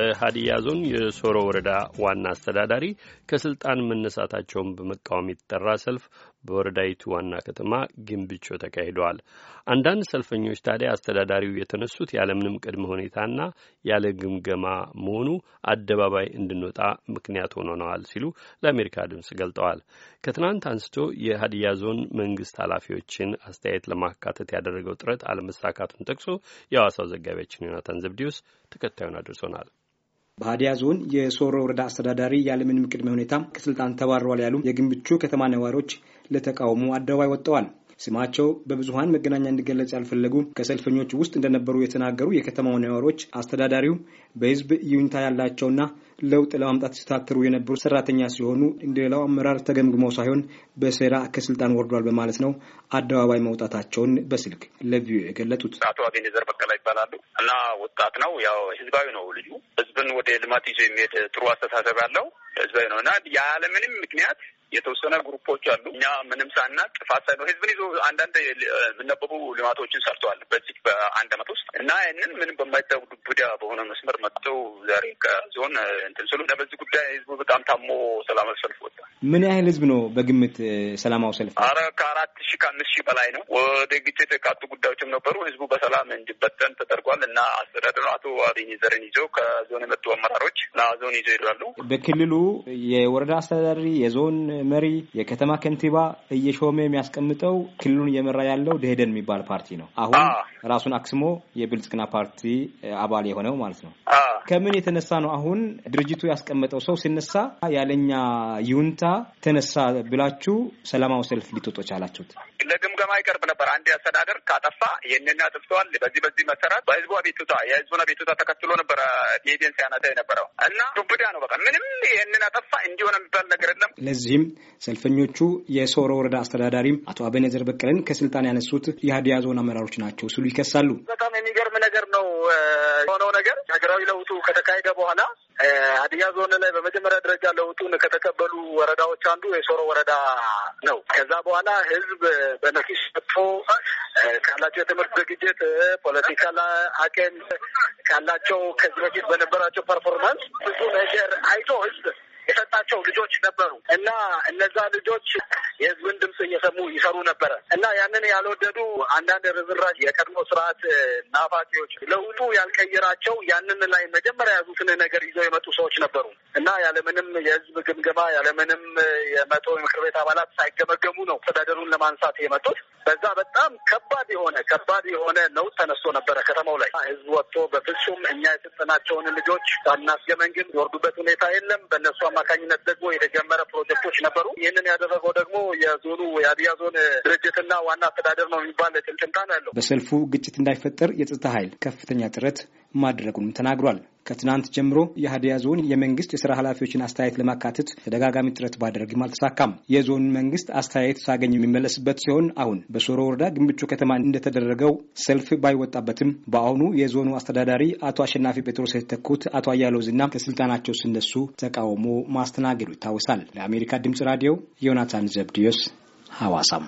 በሀዲያ ዞን የሶሮ ወረዳ ዋና አስተዳዳሪ ከስልጣን መነሳታቸውን በመቃወም የተጠራ ሰልፍ በወረዳይቱ ዋና ከተማ ግንብቾ ተካሂደዋል። አንዳንድ ሰልፈኞች ታዲያ አስተዳዳሪው የተነሱት ያለምንም ቅድመ ሁኔታና ያለ ግምገማ መሆኑ አደባባይ እንድንወጣ ምክንያት ሆነዋል ሲሉ ለአሜሪካ ድምፅ ገልጠዋል። ከትናንት አንስቶ የሀዲያ ዞን መንግስት ኃላፊዎችን አስተያየት ለማካተት ያደረገው ጥረት አለመሳካቱን ጠቅሶ የሐዋሳው ዘጋቢያችን ዮናታን ዘብዲዮስ ተከታዩን አድርሶናል። በሀዲያ ዞን የሶሮ ወረዳ አስተዳዳሪ ያለምንም ቅድመ ሁኔታ ከስልጣን ተባረዋል ያሉ የግንብቹ ከተማ ነዋሪዎች ለተቃውሞ አደባባይ ወጥተዋል። ስማቸው በብዙሀን መገናኛ እንዲገለጽ ያልፈለጉ ከሰልፈኞች ውስጥ እንደነበሩ የተናገሩ የከተማው ነዋሪዎች አስተዳዳሪው በህዝብ ይሁንታ ያላቸውና ለውጥ ለማምጣት ሲታትሩ የነበሩ ሰራተኛ ሲሆኑ እንደሌላው አመራር ተገምግሞ ሳይሆን በሴራ ከስልጣን ወርዷል በማለት ነው አደባባይ መውጣታቸውን በስልክ ለቪኦኤ የገለጡት። አቶ አቤኔዘር በቀላ ይባላሉ እና ወጣት ነው። ያው ህዝባዊ ነው ልጁ። ህዝብን ወደ ልማት ይዞ የሚሄድ ጥሩ አስተሳሰብ ያለው ህዝባዊ ነው እና ያለምንም ምክንያት የተወሰነ ግሩፖች አሉ። እኛ ምንም ሳናቅ ጥፋት ሳይኖር ህዝብን ይዞ አንዳንድ የሚነበቡ ልማቶችን ሰርተዋል በዚህ በአንድ አመት ውስጥ እና ይህንን ምንም በማይታወቅ ዱብዳ በሆነ መስመር መጥተው ዛሬ ከዞን እንትን ስሉ እና በዚህ ጉዳይ ህዝቡ በጣም ታሞ ሰላማዊ ሰልፍ ወጣ። ምን ያህል ህዝብ ነው በግምት ሰላማዊ ሰልፍ? አረ ከአራት ሺ ከአምስት ሺህ በላይ ነው። ወደ ግጭት የቃጡ ጉዳዮችም ነበሩ። ህዝቡ በሰላም እንዲበተን ተደርጓል እና አስተዳደሩ አቶ አብኝ ዘርን ይዞ ከዞን የመጡ አመራሮች ለዞን ይዞ ይሄዳሉ። በክልሉ የወረዳ አስተዳዳሪ፣ የዞን መሪ፣ የከተማ ከንቲባ እየሾመ የሚያስቀምጠው ክልሉን እየመራ ያለው ደሄደን የሚባል ፓርቲ ነው። አሁን ራሱን አክስሞ የብልጽግና ፓርቲ አባል የሆነው ማለት ነው። ከምን የተነሳ ነው አሁን ድርጅቱ ያስቀመጠው ሰው ሲነሳ ያለኛ ይሁንታ ተነሳ ብላችሁ ሰላማዊ ሰልፍ ልትወጡ አላችሁት? ለግምገማ ይቀርብ ነበር። አንድ አስተዳደር ካጠፋ ይህንን አጥፍተዋል፣ በዚህ በዚህ መሰረት በህዝቡ አቤቱታ የህዝቡን አቤቱታ ተከትሎ ነበረ ኤጀንሲ ያነሳ የነበረው እና ዱብዳ ነው። በቃ ምንም ይህንን አጠፋ እንዲሆነ የሚባል ነገር የለም። ለዚህም ሰልፈኞቹ የሶሮ ወረዳ አስተዳዳሪም አቶ አቤኔዘር በቀለን ከስልጣን ያነሱት የሀዲያ ዞን አመራሮች ናቸው ስሉ ይከሳሉ። በጣም የሚገርም ነገር ነው የሆነው ነገር ሀገራዊ ለውጡ ከተካሄደ በኋላ ሀዲያ ዞን ላይ በመጀመሪያ ደረጃ ለውጡን ከተቀበሉ ወረዳዎች አንዱ የሶሮ ወረዳ ነው። ከዛ በኋላ ህዝብ በነፊስ መጥቶ ካላቸው የትምህርት ዝግጅት፣ ፖለቲካል አቅም ካላቸው ከዚህ በፊት በነበራቸው ፐርፎርማንስ ብዙ ነገር አይቶ ህዝብ የሰጣቸው ልጆች ነበሩ እና እነዛ ልጆች የህዝብን ድምፅ እየሰሙ ይሰሩ ነበረ እና ያንን ያልወደዱ አንዳንድ ርዝራዥ የቀድሞ ስርዓት ናፋቂዎች ለውጡ ያልቀየራቸው ያንን ላይ መጀመሪያ ያዙትን ነገር ይዘው የመጡ ሰዎች ነበሩ እና ያለምንም የህዝብ ግምገማ ያለምንም የመቶ የምክር ቤት አባላት ሳይገመገሙ ነው አስተዳደሩን ለማንሳት የመጡት። በዛ በጣም ከባድ የሆነ ከባድ የሆነ ነው ተነስቶ ነበረ ከተማው ላይ ህዝብ ወጥቶ በፍጹም እኛ የሰጠናቸውን ልጆች ሳናስገመንግን የወርዱበት ሁኔታ የለም። በእነሱ አማካኝነት ደግሞ የተጀመረ ፕሮጀክት ድርጅቶች ነበሩ። ይህንን ያደረገው ደግሞ የዞኑ የሀዲያ ዞን ድርጅትና ዋና አስተዳደር ነው የሚባል ጭምጭምታ አለው። ያለው። በሰልፉ ግጭት እንዳይፈጠር የጸጥታ ኃይል ከፍተኛ ጥረት ማድረጉንም ተናግሯል። ከትናንት ጀምሮ የሀዲያ ዞን የመንግስት የስራ ኃላፊዎችን አስተያየት ለማካተት ተደጋጋሚ ጥረት ባደረግም አልተሳካም። የዞን መንግስት አስተያየት ሳገኝ የሚመለስበት ሲሆን አሁን በሶሮ ወረዳ ግንብቹ ከተማ እንደተደረገው ሰልፍ ባይወጣበትም በአሁኑ የዞኑ አስተዳዳሪ አቶ አሸናፊ ጴጥሮስ የተተኩት አቶ አያለው ዝና ከስልጣናቸው ስነሱ ተቃውሞ ማስተናገዱ ይታወሳል። ለአሜሪካ ድምጽ ራዲዮ ዮናታን ዘብዲዮስ ሐዋሳም